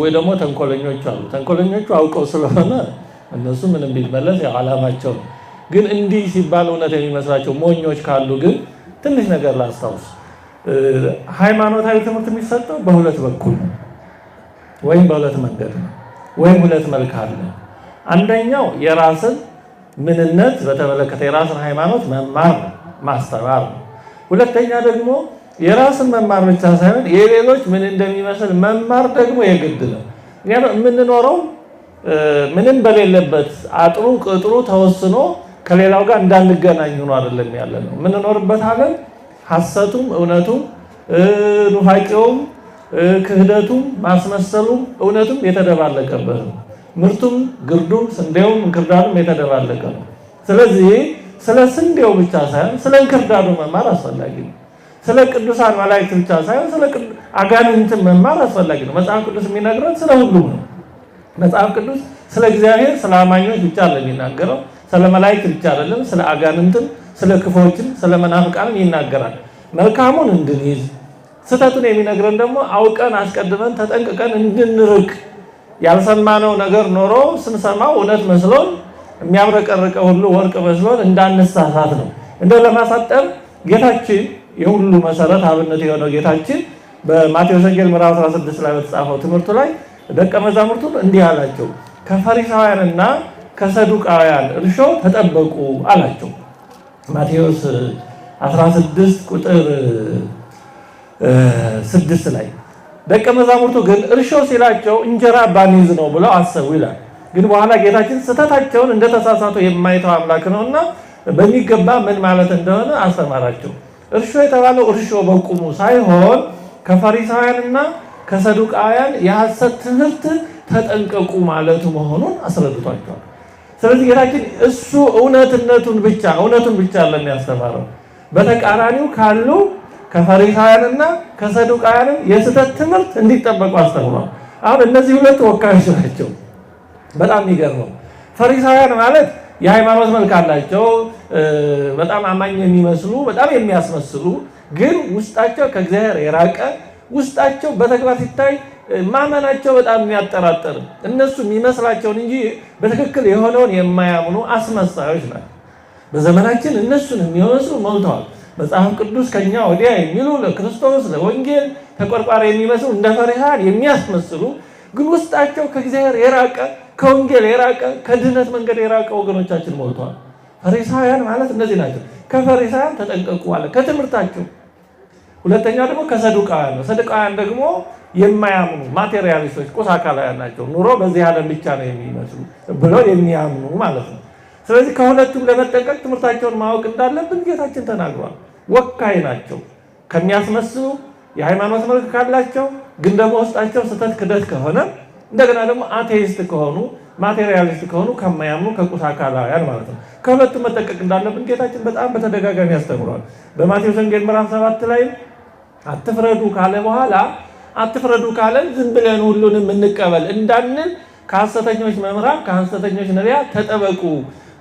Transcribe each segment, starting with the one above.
ወይ ደግሞ ተንኮለኞቹ አሉ። ተንኮለኞቹ አውቀው ስለሆነ እነሱ ምንም ቢመለስ አላማቸው ነው። ግን እንዲህ ሲባል እውነት የሚመስላቸው ሞኞች ካሉ ግን ትንሽ ነገር ላስታውስ። ሃይማኖታዊ ትምህርት የሚሰጠው በሁለት በኩል ነው፣ ወይም በሁለት መንገድ ነው፣ ወይም ሁለት መልክ አለ። አንደኛው የራስን ምንነት በተመለከተ የራስን ሃይማኖት መማር ማስተማር ነው። ሁለተኛ ደግሞ የራስን መማር ብቻ ሳይሆን የሌሎች ምን እንደሚመስል መማር ደግሞ የግድ ነው። ምክንያቱም የምንኖረው ምንም በሌለበት አጥሩ ቅጥሩ ተወስኖ ከሌላው ጋር እንዳንገናኝ ሆኖ አይደለም ያለ ነው የምንኖርበት ዓለም ሐሰቱም እውነቱም ኑፋቄውም ክህደቱም ማስመሰሉም እውነቱም የተደባለቀበት ነው። ምርቱም ግርዱም ስንዴውም እንክርዳዱም የተደባለቀ ነው። ስለዚህ ስለ ስንዴው ብቻ ሳይሆን ስለ እንክርዳዱ መማር አስፈላጊ ነው። ስለ ቅዱሳን መላእክት ብቻ ሳይሆን ስለ አጋንንትን መማር አስፈላጊ ነው። መጽሐፍ ቅዱስ የሚናገረው ስለ ሁሉም ነው። መጽሐፍ ቅዱስ ስለ እግዚአብሔር ስለ አማኞች ብቻ የሚናገረው ስለ መላእክት ብቻ አይደለም። ስለ አጋንንትን፣ ስለ ክፎችን፣ ስለ መናፍቃንም ይናገራል። መልካሙን እንድንይዝ ስህተቱን የሚነግረን ደግሞ አውቀን አስቀድመን ተጠንቅቀን እንድንርቅ ያልሰማነው ነገር ኖሮ ስንሰማው እውነት መስሎን የሚያብረቀርቀ ሁሉ ወርቅ መስሎን እንዳንሳሳት ነው። እንደው ለማሳጠር ጌታችን የሁሉ መሰረት አብነት የሆነው ጌታችን በማቴዎስ ወንጌል ምዕራፍ 16 ላይ በተጻፈው ትምህርቱ ላይ ደቀ መዛሙርቱን እንዲህ አላቸው፣ ከፈሪሳውያንና ከሰዱቃውያን እርሾ ተጠበቁ አላቸው። ማቴዎስ 16 ቁጥር 6 ላይ ደቀ መዛሙርቱ ግን እርሾ ሲላቸው እንጀራ ባንይዝ ነው ብለው አሰቡ ይላል። ግን በኋላ ጌታችን ስህተታቸውን እንደተሳሳቱ የማይተው አምላክ ነውና በሚገባ ምን ማለት እንደሆነ አስተማራቸው። እርሾ የተባለው እርሾ በቁሙ ሳይሆን ከፈሪሳውያንና ከሰዱቃውያን የሐሰት ትምህርት ተጠንቀቁ ማለቱ መሆኑን አስረድቷቸዋል። ስለዚህ ጌታችን እሱ እውነትነቱን ብቻ እውነቱን ብቻ ያስተማረው። በተቃራኒው ካሉ ከፈሪሳውያንና ከሰዱቃውያንም የስህተት ትምህርት እንዲጠበቁ አስተምሯል። አሁን እነዚህ ሁለት ወካዮች ናቸው። በጣም የሚገርመው ፈሪሳውያን ማለት የሃይማኖት መልክ አላቸው። በጣም አማኝ የሚመስሉ በጣም የሚያስመስሉ ግን ውስጣቸው ከእግዚአብሔር የራቀ ውስጣቸው በተግባር ሲታይ ማመናቸው በጣም የሚያጠራጥር እነሱ የሚመስላቸውን እንጂ በትክክል የሆነውን የማያምኑ አስመሳዮች ናቸው። በዘመናችን እነሱን የሚመስሉ ሞልተዋል። መጽሐፍ ቅዱስ ከኛ ወዲያ የሚሉ ለክርስቶስ ለወንጌል ተቆርቋሪ የሚመስሉ እንደ ፈሪሃን የሚያስመስሉ ግን ውስጣቸው ከእግዚአብሔር የራቀ ከወንጌል የራቀ ከድህነት መንገድ የራቀ ወገኖቻችን ሞልተዋል። ፈሪሳውያን ማለት እነዚህ ናቸው። ከፈሪሳውያን ተጠንቀቁ አለ፣ ከትምህርታቸው። ሁለተኛ ደግሞ ከሰዱቃውያን ነው። ሰዱቃውያን ደግሞ የማያምኑ ማቴሪያሊስቶች፣ ቁስ አካላውያን ናቸው። ኑሮ በዚህ ዓለም ብቻ ነው የሚመስሉ ብለው የሚያምኑ ማለት ነው። ስለዚህ ከሁለቱም ለመጠንቀቅ ትምህርታቸውን ማወቅ እንዳለብን ጌታችን ተናግሯል። ወካይ ናቸው ከሚያስመስሉ የሃይማኖት መልክ ካላቸው ግን ደግሞ ውስጣቸው ስህተት ክደት ከሆነ እንደገና ደግሞ አቴይስት ከሆኑ ማቴሪያሊስት ከሆኑ ከማያምኑ ከቁስ አካላውያን ማለት ነው። ከሁለቱ መጠቀቅ እንዳለብን ጌታችን በጣም በተደጋጋሚ ያስተምሯል። በማቴዎስ ወንጌል ምዕራፍ ሰባት ላይ አትፍረዱ ካለ በኋላ አትፍረዱ ካለ ዝም ብለን ሁሉንም እንቀበል እንዳንል ከሐሰተኞች መምህራን ከሐሰተኞች ነቢያ ተጠበቁ።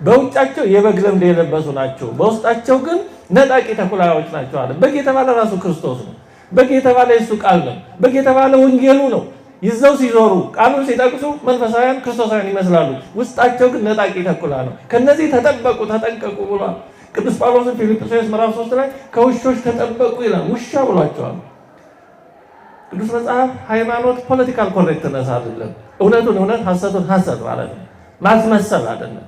በውጫቸው የበግ ለምድ የለበሱ ናቸው፣ በውስጣቸው ግን ነጣቂ ተኩላዎች ናቸው አለ። በግ የተባለ ራሱ ክርስቶስ ነው። በግ የተባለ የሱ ቃል ነው። በግ የተባለ ወንጌሉ ነው። ይዘው ሲዞሩ ቃሉን ሲጠቅሱ መንፈሳውያን ክርስቶሳውያን ይመስላሉ። ውስጣቸው ግን ነጣቂ ተኩላ ነው። ከነዚህ ተጠበቁ፣ ተጠንቀቁ ብሏል ቅዱስ ጳውሎስን ፊልጵስዩስ ምዕራፍ 3 ላይ ከውሾች ተጠበቁ ይላል። ውሻ ብሏቸዋል። ቅዱስ መጽሐፍ ሃይማኖት ፖለቲካል ኮሬክትነስ አይደለም። እውነቱን እውነት፣ ሀሰቱን ሀሰት ማለት ነው። ማስመሰል አይደለም።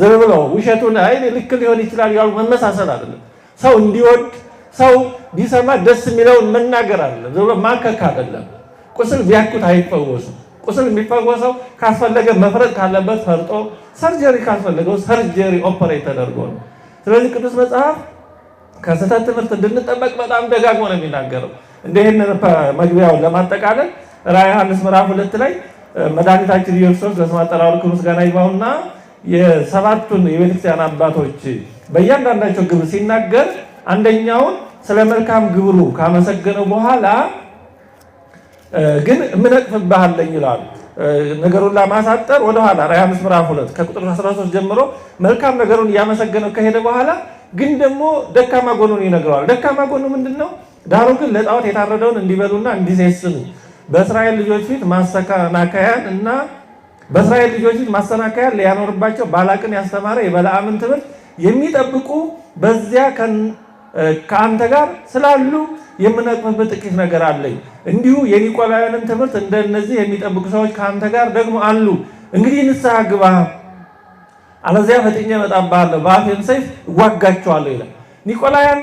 ዝም ብለው ውሸቱን አይ ልክ ሊሆን ይችላል ያሉ መመሳሰል አይደለም። ሰው እንዲወድ ሰው ቢሰማ ደስ የሚለውን መናገር አይደለም። ዝም ብሎ ማከክ አይደለም። ቁስል ቢያኩት አይፈወስም። ቁስል የሚፈወሰው ካስፈለገ መፍረጥ ካለበት ፈርጦ፣ ሰርጀሪ ካስፈለገው ሰርጀሪ ኦፐሬት ተደርጎ ነው። ስለዚህ ቅዱስ መጽሐፍ ከስህተት ትምህርት እንድንጠበቅ በጣም ደጋግሞ ነው የሚናገረው። እንደይህን መግቢያውን ለማጠቃለል ራዕየ ዮሐንስ ምዕራፍ ሁለት ላይ መድኃኒታችን ኢየሱስ ክርስቶስ ለስመ አጠራሩ ምስጋና ይግባውና የሰባቱን የቤተክርስቲያን አባቶች በእያንዳንዳቸው ግብር ሲናገር አንደኛውን ስለ መልካም ግብሩ ካመሰገነው በኋላ ግን እምነቅፍብሃለኝ ይላሉ። ነገሩን ለማሳጠር ወደኋላ ራዕይ አምስት ምዕራፍ ሁለት ከቁጥር 13 ጀምሮ መልካም ነገሩን እያመሰገነው ከሄደ በኋላ ግን ደግሞ ደካማ ጎኑን ይነግረዋል። ደካማ ጎኑ ምንድን ነው? ዳሩ ግን ለጣዖት የታረደውን እንዲበሉና እንዲሴስኑ በእስራኤል ልጆች ፊት ማሰናከያን እና በእስራኤል ልጆች ፊት ማሰናከያን ሊያኖርባቸው ባላቅን ያስተማረ የበለዓምን ትምህርት የሚጠብቁ በዚያ ከአንተ ጋር ስላሉ የምነቅፍበት ጥቂት ነገር አለኝ። እንዲሁ የኒቆላውያንን ትምህርት እንደነዚህ የሚጠብቁ ሰዎች ከአንተ ጋር ደግሞ አሉ። እንግዲህ ንስሐ ግባ፣ አለዚያ ፈጥኜ እመጣብሃለሁ፣ በአፌም ሰይፍ እዋጋቸዋለሁ ይላል። ኒቆላውያን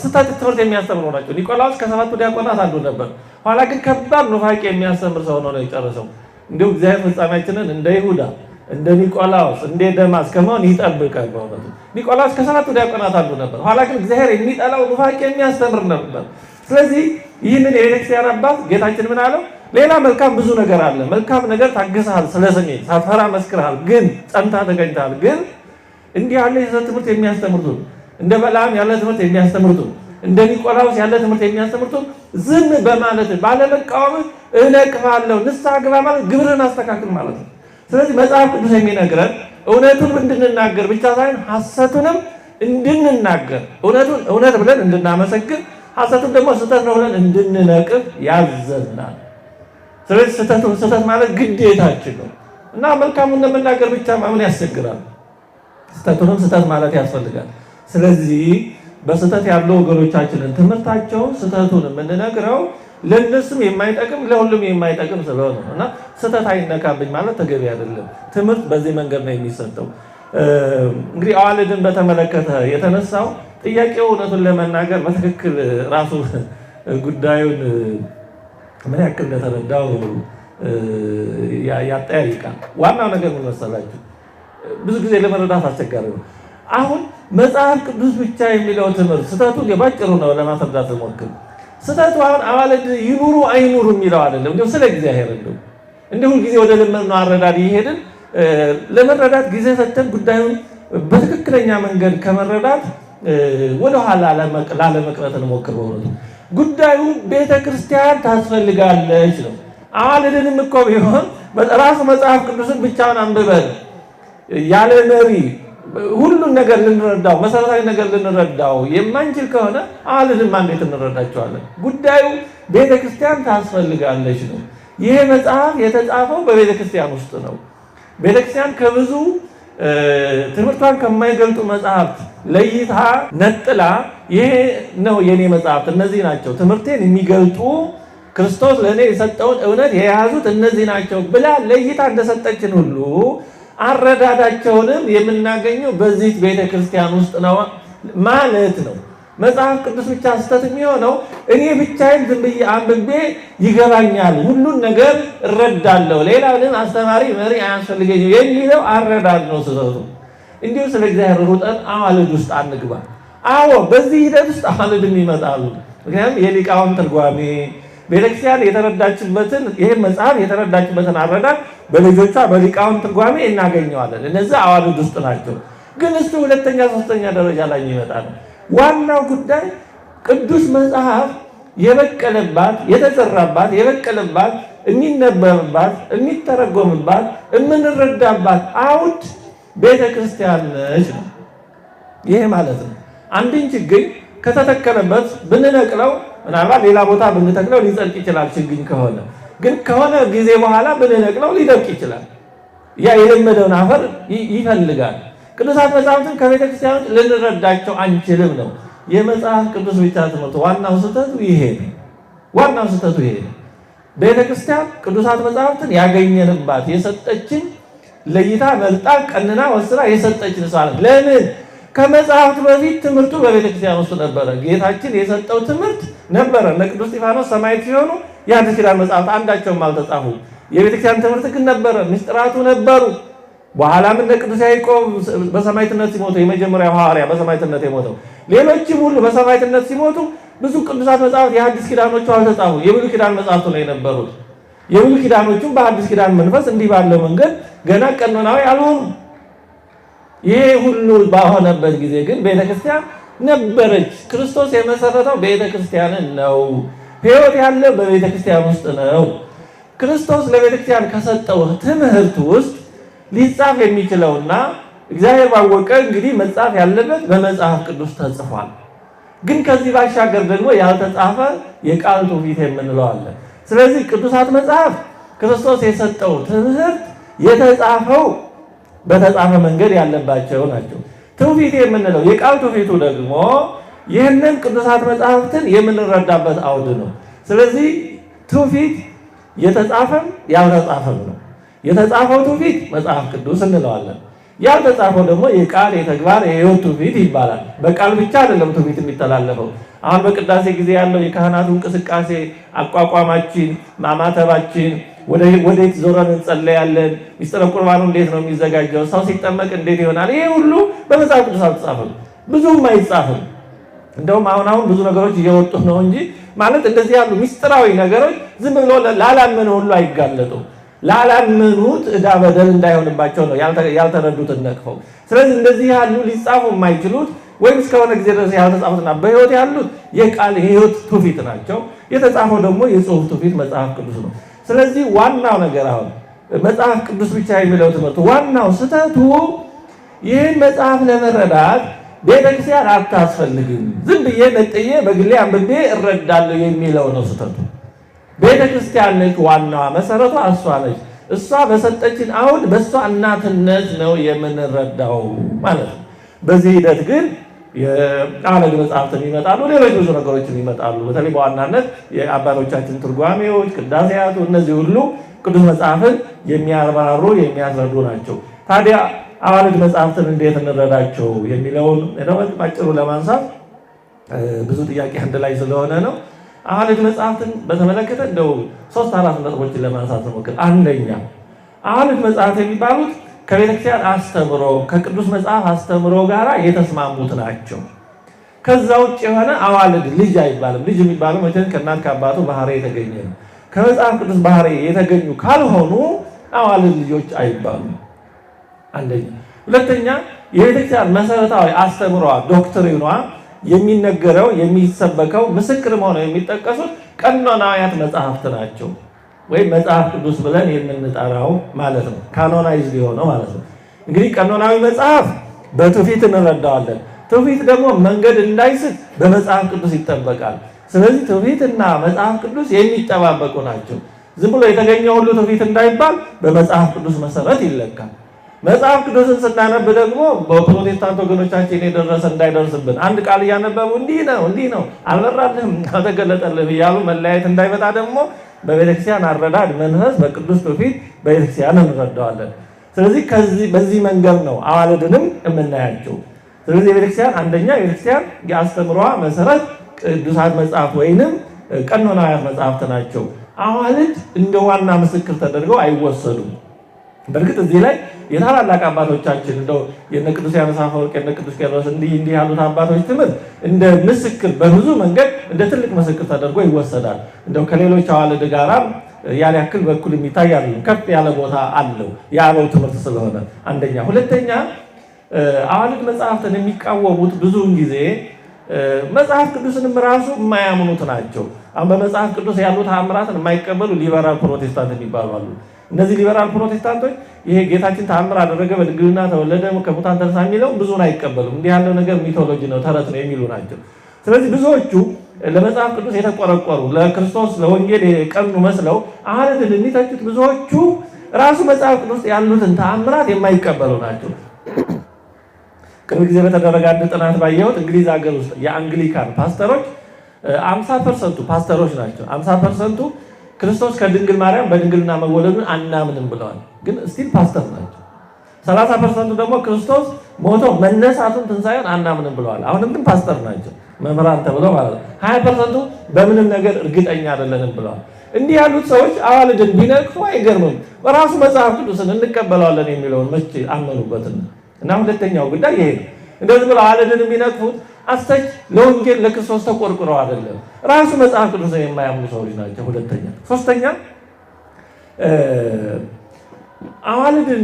ስህተት ትምህርት የሚያስተምሩ ናቸው። ኒቆላዎስ ከሰባቱ ዲያቆናት አንዱ ነበር። ኋላ ግን ከባድ ኑፋቄ የሚያስተምር ሰው ነው የጨረሰው። እንዲሁ እግዚአብሔር ፍጻሜያችንን እንደ ይሁዳ እንደ ኒቆላዎስ እንደ ደማስ ከመሆን ይጠብቀን በእውነቱ። ኒቆላስ ከሰባቱ ዲያቆናት አንዱ ነበር። ኋላ ግን እግዚአብሔር የሚጠላው ኑፋቄ የሚያስተምር ነበር። ስለዚህ ይህንን የቤተክርስቲያን አባት ጌታችን ምን አለው? ሌላ መልካም ብዙ ነገር አለ። መልካም ነገር ታግሰሃል፣ ስለ ስሜ ሳትፈራ መስክርሃል፣ ግን ጸንታ ተገኝተሃል። ግን እንዲህ ያለ የሰት ትምህርት የሚያስተምርቱ እንደ በለዓም ያለ ትምህርት የሚያስተምርቱ እንደ ኒቆላውስ ያለ ትምህርት የሚያስተምርቱ ዝም በማለት ባለመቃወም እነቅፋለሁ፣ ንስሐ ግባ ማለት ግብርን አስተካክል ማለት ነው። ስለዚህ መጽሐፍ ቅዱስ የሚነግረን እውነቱን እንድንናገር ብቻ ሳይሆን ሐሰቱንም እንድንናገር እውነቱን እውነት ብለን እንድናመሰግን ሐሰቱን ደግሞ ስህተት ነው ብለን እንድንነቅፍ ያዘናል። ስለዚህ ስህተቱን ስህተት ማለት ግዴታችን ነው እና መልካሙን እንደምናገር ብቻ ማመን ያስቸግራል። ስህተቱንም ስህተት ማለት ያስፈልጋል። ስለዚህ በስህተት ያሉ ወገኖቻችንን ትምህርታቸውን ስህተቱን የምንነግረው ለእነሱም የማይጠቅም ለሁሉም የማይጠቅም ስለሆነ እና ስህተት አይነካብኝ ማለት ተገቢ አይደለም። ትምህርት በዚህ መንገድ ነው የሚሰጠው። እንግዲህ አዋልድን በተመለከተ የተነሳው ጥያቄው እውነቱን ለመናገር በትክክል ራሱ ጉዳዩን ምን ያክል እንደተረዳው ያጠያይቃል። ዋናው ነገር ምን መሰላችሁ? ብዙ ጊዜ ለመረዳት አስቸጋሪ ነው። አሁን መጽሐፍ ቅዱስ ብቻ የሚለው ትምህርት ስህተቱ የባጭሩ ነው ለማስረዳት ሞክር ስህተቱ አሁን አዋለድ ይኑሩ አይኑሩ የሚለው አይደለም። እንደው ስለ እግዚአብሔር እንደው እንደው ሁልጊዜ ወደ ለመድነው አረዳድ ይሄድን ለመረዳት ጊዜ ፈተን ጉዳዩን በትክክለኛ መንገድ ከመረዳት ወደኋላ ላለመቅረት እንሞክር። በእውነቱ ጉዳዩ ቤተ ክርስቲያን ታስፈልጋለች ነው። አዋልድንም እኮ ቢሆን ራሱ መጽሐፍ ቅዱስን ብቻውን አንብበን ያለ መሪ ሁሉን ነገር ልንረዳው መሰረታዊ ነገር ልንረዳው የማንችል ከሆነ አልንም እንዴት እንረዳቸዋለን? ጉዳዩ ቤተ ክርስቲያን ታስፈልጋለች ነው። ይሄ መጽሐፍ የተጻፈው በቤተ ክርስቲያን ውስጥ ነው። ቤተ ክርስቲያን ከብዙ ትምህርቷን ከማይገልጡ መጽሐፍት ለይታ ነጥላ ይሄ ነው የኔ መጽሐፍት እነዚህ ናቸው፣ ትምህርቴን የሚገልጡ ክርስቶስ ለእኔ የሰጠውን እውነት የያዙት እነዚህ ናቸው ብላ ለይታ እንደሰጠችን ሁሉ አረዳዳቸውንም የምናገኘው በዚህ ቤተ ክርስቲያን ውስጥ ነው ማለት ነው። መጽሐፍ ቅዱስ ብቻ ስህተት የሚሆነው እኔ ብቻዬን ዝም ብዬ አንብቤ ይገባኛል፣ ሁሉን ነገር እረዳለሁ፣ ሌላ ግን አስተማሪ መሪ አያስፈልገኝም የሚለው አረዳድ ነው ስህተቱ። እንዲሁ ስለ እግዚአብሔር ሩጠን አዋልድ ውስጥ አንግባ። አዎ፣ በዚህ ሂደት ውስጥ አዋልድም ይመጣሉ። ምክንያቱም የሊቃውን ትርጓሜ ቤተክርስቲያን የተረዳችበትን ይህን መጽሐፍ የተረዳችበትን አረዳድ በልጆቿ በሊቃውን ትርጓሜ እናገኘዋለን። እነዚህ አዋልድ ውስጥ ናቸው። ግን እሱ ሁለተኛ ሶስተኛ ደረጃ ላይ ይመጣል። ዋናው ጉዳይ ቅዱስ መጽሐፍ የበቀለባት የተዘራባት የበቀለባት የሚነበብባት የሚተረጎምባት የምንረዳባት አውድ ቤተ ክርስቲያን ነች ነው። ይሄ ማለት ነው አንድን ችግኝ ከተተከለበት ብንነቅለው ምናልባት ሌላ ቦታ ብንተክለው ሊጸድቅ ይችላል። ችግኝ ከሆነ ግን ከሆነ ጊዜ በኋላ ብንነቅለው ሊደርቅ ይችላል። ያ የለመደውን አፈር ይፈልጋል። ቅዱሳት መጽሐፍትን ከቤተ ክርስቲያኖች ልንረዳቸው አንችልም ነው የመጽሐፍ ቅዱስ ብቻ ትምህርት። ዋናው ስህተቱ ይሄ ነው። ዋናው ስህተቱ ይሄ ነው። ቤተ ክርስቲያን ቅዱሳት መጽሐፍትን ያገኘንባት የሰጠችን ለይታ መልጣ ቀንና ወስራ የሰጠችን ሰዋለ ለምን ከመጽሐፍት በፊት ትምህርቱ በቤተ ክርስቲያን ውስጥ ነበረ። ጌታችን የሰጠው ትምህርት ነበረ። እነ ቅዱስ እስጢፋኖስ ሰማዕት ሲሆኑ የአዲስ ኪዳን መጽሐፍት አንዳቸውም አልተጻፉም። የቤተ ክርስቲያን ትምህርት ግን ነበረ፣ ምስጢራቱ ነበሩ። በኋላም እነ ቅዱስ ያዕቆብ በሰማዕትነት ሲሞቱ የመጀመሪያው ሐዋርያ በሰማዕትነት የሞተው ሌሎችም ሁሉ በሰማዕትነት ሲሞቱ ብዙ ቅዱሳት መጽሐፍት የአዲስ ኪዳኖቹ አልተጻፉ፣ የብሉይ ኪዳን መጽሐፍቱ ነው የነበሩት። የብሉይ ኪዳኖቹም በአዲስ ኪዳን መንፈስ እንዲህ ባለው መንገድ ገና ቀኖናዊ አልሆኑም። ይሄ ሁሉ ባሆነበት ጊዜ ግን ቤተክርስቲያን ነበረች። ክርስቶስ የመሰረተው ቤተክርስቲያንን ነው። ህይወት ያለው በቤተክርስቲያን ውስጥ ነው። ክርስቶስ ለቤተክርስቲያን ከሰጠው ትምህርት ውስጥ ሊጻፍ የሚችለውና እግዚአብሔር ባወቀ እንግዲህ መጻፍ ያለበት በመጽሐፍ ቅዱስ ተጽፏል። ግን ከዚህ ባሻገር ደግሞ ያልተጻፈ የቃል ትውፊት የምንለው አለ። ስለዚህ ቅዱሳት መጽሐፍ ክርስቶስ የሰጠው ትምህርት የተጻፈው በተጻፈ መንገድ ያለባቸው ናቸው። ትውፊት የምንለው የቃል ትውፊቱ ደግሞ ይህንን ቅዱሳት መጽሐፍትን የምንረዳበት አውድ ነው። ስለዚህ ትውፊት የተጻፈም ያልተጻፈም ነው። የተጻፈው ትውፊት መጽሐፍ ቅዱስ እንለዋለን። ያልተጻፈው ደግሞ የቃል የተግባር የህይወት ትውፊት ይባላል። በቃል ብቻ አይደለም ትውፊት የሚተላለፈው። አሁን በቅዳሴ ጊዜ ያለው የካህናቱ እንቅስቃሴ፣ አቋቋማችን፣ ማማተባችን ወደት ዞረን እንጸለያለን? ሚስጥረ ቁርባኑ እንዴት ነው የሚዘጋጀው? ሰው ሲጠመቅ እንዴት ይሆናል? ይሄ ሁሉ በመጽሐፍ ቅዱስ አልተጻፈም፣ ብዙም አይጻፍም። እንደውም አሁን አሁን ብዙ ነገሮች እየወጡ ነው እንጂ ማለት እንደዚህ ያሉ ሚስጥራዊ ነገሮች ዝም ብሎ ላላመነ ሁሉ አይጋለጡም። ላላመኑት እዳ በደል እንዳይሆንባቸው ነው ያልተረዱትን ነቅፈው። ስለዚህ እንደዚህ ያሉ ሊጻፉ የማይችሉት ወይም እስከሆነ ጊዜ ድረስ ያልተጻፉትና በህይወት ያሉት የቃል ህይወት ትውፊት ናቸው። የተጻፈው ደግሞ የጽሁፍ ትውፊት መጽሐፍ ቅዱስ ነው። ስለዚህ ዋናው ነገር አሁን መጽሐፍ ቅዱስ ብቻ የሚለው ትምህርት ዋናው ስህተቱ ይህን መጽሐፍ ለመረዳት ቤተክርስቲያን አታስፈልግም፣ ዝም ብዬ ነጥዬ በግሌ አንብቤ እረዳለሁ የሚለው ነው ስህተቱ። ቤተክርስቲያን ነች ዋናዋ፣ መሰረቷ እሷ ነች። እሷ በሰጠችን አውድ በእሷ እናትነት ነው የምንረዳው ማለት ነው። በዚህ ሂደት ግን የአለግ መጽሐፍትን ይመጣሉ፣ ሌሎች ብዙ ነገሮችን ይመጣሉ። በተለይ በዋናነት የአባቶቻችን ትርጓሜዎች፣ ቅዳሴያቱ፣ እነዚህ ሁሉ ቅዱስ መጽሐፍን የሚያብራሩ የሚያስረዱ ናቸው። ታዲያ አዋልድ መጽሐፍትን እንዴት እንረዳቸው የሚለውን ባጭሩ ለማንሳት ብዙ ጥያቄ አንድ ላይ ስለሆነ ነው። አዋልድ መጽሐፍትን በተመለከተ እንደው ሶስት አራት ነጥቦችን ለማንሳት ነው። አንደኛ አዋልድ መጽሐፍት የሚባሉት ከቤተክርስቲያን አስተምሮ ከቅዱስ መጽሐፍ አስተምሮ ጋር የተስማሙት ናቸው። ከዛ ውጭ የሆነ አዋልድ ልጅ አይባልም። ልጅ የሚባለው መቼም ከእናት ከአባቱ ባህሪ የተገኘ ነው። ከመጽሐፍ ቅዱስ ባህሪ የተገኙ ካልሆኑ አዋልድ ልጆች አይባሉም። አንደኛ። ሁለተኛ የቤተክርስቲያን መሰረታዊ አስተምሯ ዶክትሪኗ የሚነገረው የሚሰበከው ምስክር መሆነው የሚጠቀሱት ቀኖናውያት መጽሐፍት ናቸው። ወይም መጽሐፍ ቅዱስ ብለን የምንጠራው ማለት ነው። ካኖናይዝ የሆነው ማለት ነው። እንግዲህ ቀኖናዊ መጽሐፍ በትውፊት እንረዳዋለን። ትውፊት ደግሞ መንገድ እንዳይስት በመጽሐፍ ቅዱስ ይጠበቃል። ስለዚህ ትውፊትና መጽሐፍ ቅዱስ የሚጠባበቁ ናቸው። ዝም ብሎ የተገኘ ሁሉ ትውፊት እንዳይባል በመጽሐፍ ቅዱስ መሰረት ይለካል። መጽሐፍ ቅዱስን ስናነብ ደግሞ በፕሮቴስታንት ወገኖቻችን የደረሰ እንዳይደርስብን አንድ ቃል እያነበቡ እንዲህ ነው እንዲህ ነው አልበራልህም፣ አልተገለጠልህም እያሉ መለያየት እንዳይመጣ ደግሞ በቤተክርስቲያን አረዳድ መንፈስ በቅዱስ ትውፊት በቤተክርስቲያን እንረዳዋለን። ስለዚህ በዚህ መንገድ ነው አዋልድንም የምናያቸው። ስለዚህ የቤተክርስቲያን አንደኛ የቤተክርስቲያን የአስተምሯ መሰረት ቅዱሳት መጽሐፍ ወይንም ቀኖናውያት መጽሐፍት ናቸው። አዋልድ እንደ ዋና ምስክር ተደርገው አይወሰዱም። በእርግጥ እዚህ ላይ የታላላቅ አባቶቻችን እንደው የነ ቅዱስ ዮሐንስ አፈወርቅ የነ ቅዱስ እንዲህ እንዲህ ያሉት አባቶች ትምህርት እንደ ምስክር በብዙ መንገድ እንደ ትልቅ ምስክር ተደርጎ ይወሰዳል። እንደው ከሌሎች አዋልድ ጋራም ያን ያክል በኩል የሚታይ ከፍ ያለ ቦታ አለው የአበው ትምህርት ስለሆነ አንደኛ። ሁለተኛ አዋልድ መጽሐፍትን የሚቃወሙት ብዙውን ጊዜ መጽሐፍ ቅዱስንም ራሱ የማያምኑት ናቸው። አሁን በመጽሐፍ ቅዱስ ያሉት የማይቀበሉ ሊበራል ፕሮቴስታንት የሚባሉ አሉ። እነዚህ ሊበራል ፕሮቴስታንቶች ይሄ ጌታችን ተአምር አደረገ፣ በድንግልና ተወለደ፣ ከሙታን ተነሳ የሚለው ብዙን አይቀበሉም። እንዲህ ያለው ነገር ሚቶሎጂ ነው፣ ተረት ነው የሚሉ ናቸው። ስለዚህ ብዙዎቹ ለመጽሐፍ ቅዱስ የተቆረቆሩ ለክርስቶስ ለወንጌል የቀኑ መስለው አህልድን የሚተቹት ብዙዎቹ ራሱ መጽሐፍ ቅዱስ ያሉትን ተአምራት የማይቀበሉ ናቸው። ቅርብ ጊዜ በተደረገ አንድ ጥናት ባየሁት እንግሊዝ ሀገር ውስጥ የአንግሊካን ፓስተሮች አምሳ ፐርሰንቱ ፓስተሮች ናቸው። አምሳ ፐርሰንቱ ክርስቶስ ከድንግል ማርያም በድንግልና መወለዱን አናምንም ብለዋል። ግን ስቲል ፓስተር ናቸው። ሰላሳ ፐርሰንቱ ደግሞ ክርስቶስ ሞቶ መነሳቱን ትንሣኤውን አናምንም ብለዋል። አሁንም ግን ፓስተር ናቸው መምህራን ተብሎ ማለት ነው። ሀያ ፐርሰንቱ በምንም ነገር እርግጠኛ አይደለንም ብለዋል። እንዲህ ያሉት ሰዎች አዋልድን ቢነቅፉ አይገርምም። በራሱ መጽሐፍ ቅዱስን እንቀበለዋለን የሚለውን መቼ አመኑበትና እና ሁለተኛው ጉዳይ ይሄ ነው። እንደዚህ ብለው አለድን የሚነቅፉት አስተች ለወንጌል ለክርስቶስ ተቆርቁረው አይደለም፣ ራሱ መጽሐፍ ቅዱስ የማያምኑ ሰዎች ናቸው። ሁለተኛ ሶስተኛ አዋልድን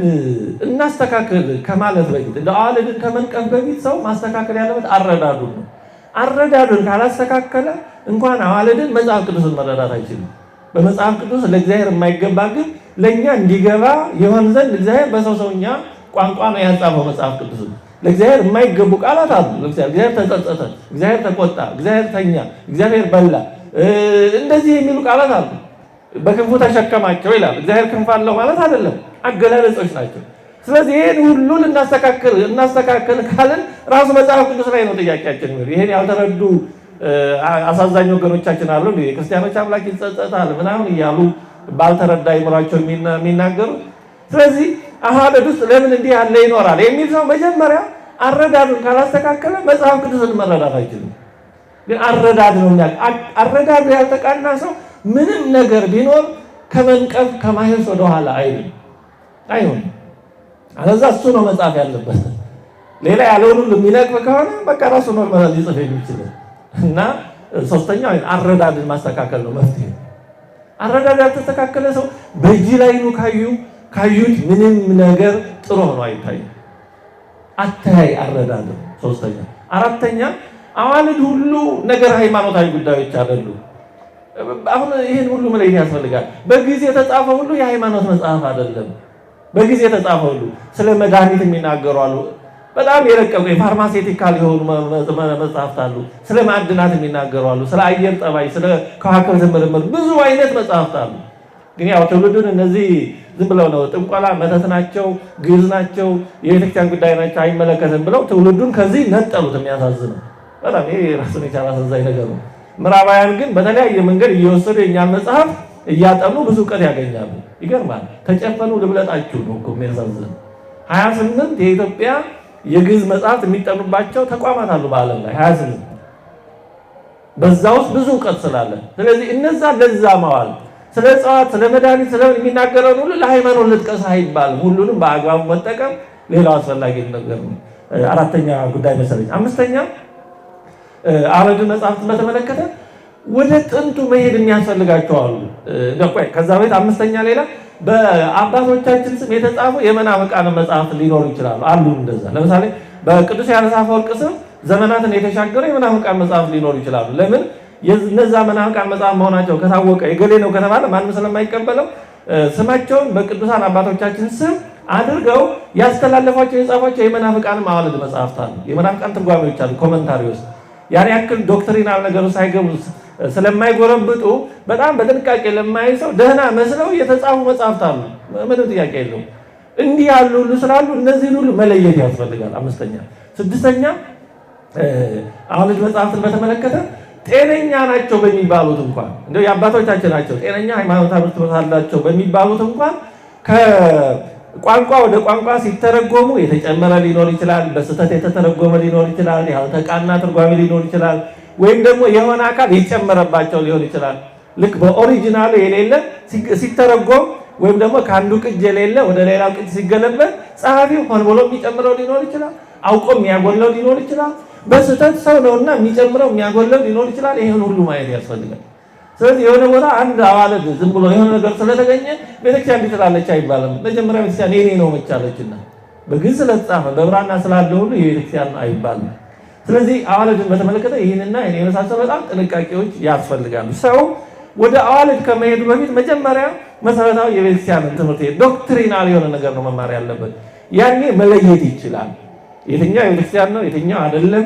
እናስተካክል ከማለት በፊት እንደ አዋልድን ከመንቀፍ በፊት ሰው ማስተካከል ያለበት አረዳዱን ነው። አረዳዱን ካላስተካከለ እንኳን አዋልድን መጽሐፍ ቅዱስን መረዳት አይችልም። በመጽሐፍ ቅዱስ ለእግዚአብሔር የማይገባ ግን ለእኛ እንዲገባ የሆን ዘንድ እግዚአብሔር በሰው ሰውኛ ቋንቋ ነው ያጻፈው መጽሐፍ ቅዱስን ለእግዚአብሔር የማይገቡ ቃላት አሉ። እግዚአብሔር ተጸጸተ፣ እግዚአብሔር ተቆጣ፣ እግዚአብሔር ተኛ፣ እግዚአብሔር በላ፣ እንደዚህ የሚሉ ቃላት አሉ። በክንፉ ተሸከማቸው ይላል። እግዚአብሔር ክንፍ አለው ማለት አይደለም፣ አገላለጾች ናቸው። ስለዚህ ይህን ሁሉ እናስተካክል እናስተካክል ካልን ራሱ መጽሐፍ ቅዱስ ላይ ነው ጥያቄያችን። ይህን ያልተረዱ አሳዛኝ ወገኖቻችን አሉ። የክርስቲያኖች አምላክ ይጸጸታል ምናምን እያሉ ባልተረዳ ይምራቸው የሚናገሩ ስለዚህ አሃደድ ውስጥ ለምን እንዲህ ያለ ይኖራል የሚል ሰው መጀመሪያ አረዳዱን ካላስተካከለ መጽሐፍ ቅዱስን መረዳት አይችልም። ግን አረዳድ ነው የሚያል አረዳድ ያልተቃና ሰው ምንም ነገር ቢኖር ከመንቀፍ ከማየት ወደኋላ አይልም አይሆን። አለዛ እሱ ነው መጽሐፍ ያለበት። ሌላ ያለውን ሁሉ የሚነቅፍ ከሆነ በቃ ራሱ ኖርመላ ሊጽፍ የሚችል እና ሶስተኛው አረዳድን ማስተካከል ነው መፍትሄ። አረዳድ ያልተስተካከለ ሰው በእጅ ላይ ኑ ካዩ ካዩት ምንም ነገር ጥሩ ሆኖ አይታይም። አተያይ አረዳድ ሶስተኛ። አራተኛ አዋልድ ሁሉ ነገር ሃይማኖታዊ ጉዳዮች አደሉ። አሁን ይህን ሁሉ መለየት ያስፈልጋል። በጊዜ የተጻፈ ሁሉ የሃይማኖት መጽሐፍ አይደለም። በጊዜ የተጻፈ ሁሉ ስለ መድኃኒት የሚናገሩ አሉ። በጣም የረቀቁ የፋርማሴቲካል የሆኑ መጽሐፍት አሉ። ስለ ማዕድናት የሚናገሩ አሉ። ስለ አየር ጠባይ፣ ስለ ከዋክብት ምርምር ብዙ አይነት መጽሐፍት አሉ። ግን ያው ትውልዱን እነዚህ ዝም ብለው ነው ጥንቆላ፣ መተት ናቸው፣ ግዕዝ ናቸው፣ የቤተክርስቲያን ጉዳይ ናቸው፣ አይመለከትም ብለው ትውልዱን ከዚህ ነጠሉት። የሚያሳዝነው በጣም ይሄ ራሱን የቻለ አሳዛኝ ነገር ነው። ምዕራባውያን ግን በተለያየ መንገድ እየወሰዱ የእኛን መጽሐፍ እያጠኑ ብዙ እውቀት ያገኛሉ። ይገርማል። ተጨፈኑ ልብለጣችሁ ነው እኮ የሚያሳዝነው። ሀያ ስምንት የኢትዮጵያ የግዕዝ መጽሐፍት የሚጠኑባቸው ተቋማት አሉ በዓለም ላይ ሀያ ስምንት በዛ ውስጥ ብዙ እውቀት ስላለ ስለዚህ እነዛ ለዛ ማዋል ስለ እጽዋት፣ ስለ መድኃኒት፣ ስለ የሚናገረውን ሁሉ ለሃይማኖት ልጥቀስ አይባልም። ሁሉንም በአግባቡ መጠቀም ሌላው አስፈላጊ ነገር ነው። አራተኛ ጉዳይ መሰለኝ። አምስተኛ አረድ መጽሐፍትን በተመለከተ ወደ ጥንቱ መሄድ የሚያስፈልጋቸው አሉ። ቆይ ከዛ ቤት አምስተኛ ሌላ በአባቶቻችን ስም የተጻፉ የመናፍቃን መጽሐፍት ሊኖሩ ይችላሉ አሉ። እንደዛ ለምሳሌ በቅዱስ ያነሳፈ ወርቅ ስም ዘመናትን የተሻገረ የመናፍቃን መጽሐፍት ሊኖሩ ይችላሉ። ለምን የነዛ መናፍቃን መጽሐፍ መሆናቸው ከታወቀ የገሌ ነው ከተባለ ማንም ስለማይቀበለው ስማቸውን በቅዱሳን አባቶቻችን ስም አድርገው ያስተላለፏቸው የጻፏቸው የመናፍቃን ማዋልድ መጽሐፍት አሉ። የመናፍቃን ትርጓሜዎች አሉ። ኮመንታሪ ውስጥ ያን ያክል ዶክትሪናል ነገር ሳይገቡ ስለማይጎረብጡ በጣም በጥንቃቄ ለማይ ሰው ደህና መስለው የተጻፉ መጽሐፍት አሉ። ምንም ጥያቄ የለውም። እንዲህ ያሉ ሁሉ ስላሉ እነዚህን ሁሉ መለየት ያስፈልጋል። አምስተኛ ስድስተኛ አዋልድ መጽሐፍትን በተመለከተ ጤነኛ ናቸው በሚባሉት እንኳን እንደው የአባቶቻችን ናቸው ጤነኛ ሃይማኖታዊ ትምህርት አላቸው በሚባሉት እንኳን ከቋንቋ ወደ ቋንቋ ሲተረጎሙ የተጨመረ ሊኖር ይችላል፣ በስህተት የተተረጎመ ሊኖር ይችላል፣ ያልተቃና ትርጓሜ ሊኖር ይችላል፣ ወይም ደግሞ የሆነ አካል የጨመረባቸው ሊሆን ይችላል። ልክ በኦሪጂናሉ የሌለ ሲተረጎም ወይም ደግሞ ከአንዱ ቅጅ የሌለ ወደ ሌላው ቅጅ ሲገለበት ጸሐፊው ሆን ብሎ የሚጨምረው ሊኖር ይችላል፣ አውቆ የሚያጎለው ሊኖር ይችላል። በስህተት ሰው ነውና የሚጨምረው የሚያጎለው ሊኖር ይችላል። ይሄን ሁሉ ማየት ያስፈልጋል። ስለዚህ የሆነ ቦታ አንድ አዋለድ ዝም ብሎ የሆነ ነገር ስለተገኘ ቤተክርስቲያን ትላለች አይባልም። መጀመሪያ ቤተክርስቲያን የኔ ነው መቻለችና በግን ስለተጻፈ በብራና ስላለ ሁሉ የቤተክርስቲያን አይባልም። ስለዚህ አዋለድን በተመለከተ ይህንና የመሳሰሉ በጣም ጥንቃቄዎች ያስፈልጋሉ። ሰው ወደ አዋልድ ከመሄዱ በፊት መጀመሪያ መሰረታዊ የቤተክርስቲያንን ትምህርት ዶክትሪናል የሆነ ነገር ነው መማር ያለበት። ያኔ መለየት ይችላል። የትኛው የቤተክርስቲያን ነው የትኛው አይደለም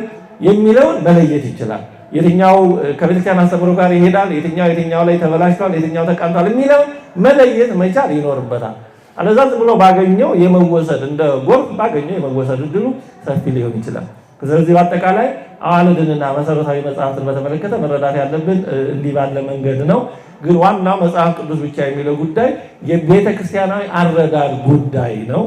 የሚለውን መለየት ይችላል። የትኛው ከቤተክርስቲያን አስተምሮ ጋር ይሄዳል፣ የትኛው የትኛው ላይ ተበላሽቷል፣ የትኛው ተቃንቷል የሚለውን መለየት መቻል ይኖርበታል። አለዛ ዝም ብሎ ባገኘው የመወሰድ እንደ ጎርፍ ባገኘው የመወሰድ እድሉ ሰፊ ሊሆን ይችላል። ስለዚህ በአጠቃላይ አዋልድንና መሰረታዊ መጽሐፍትን በተመለከተ መረዳት ያለብን እንዲህ ባለ መንገድ ነው። ግን ዋናው መጽሐፍ ቅዱስ ብቻ የሚለው ጉዳይ የቤተክርስቲያናዊ አረዳድ ጉዳይ ነው።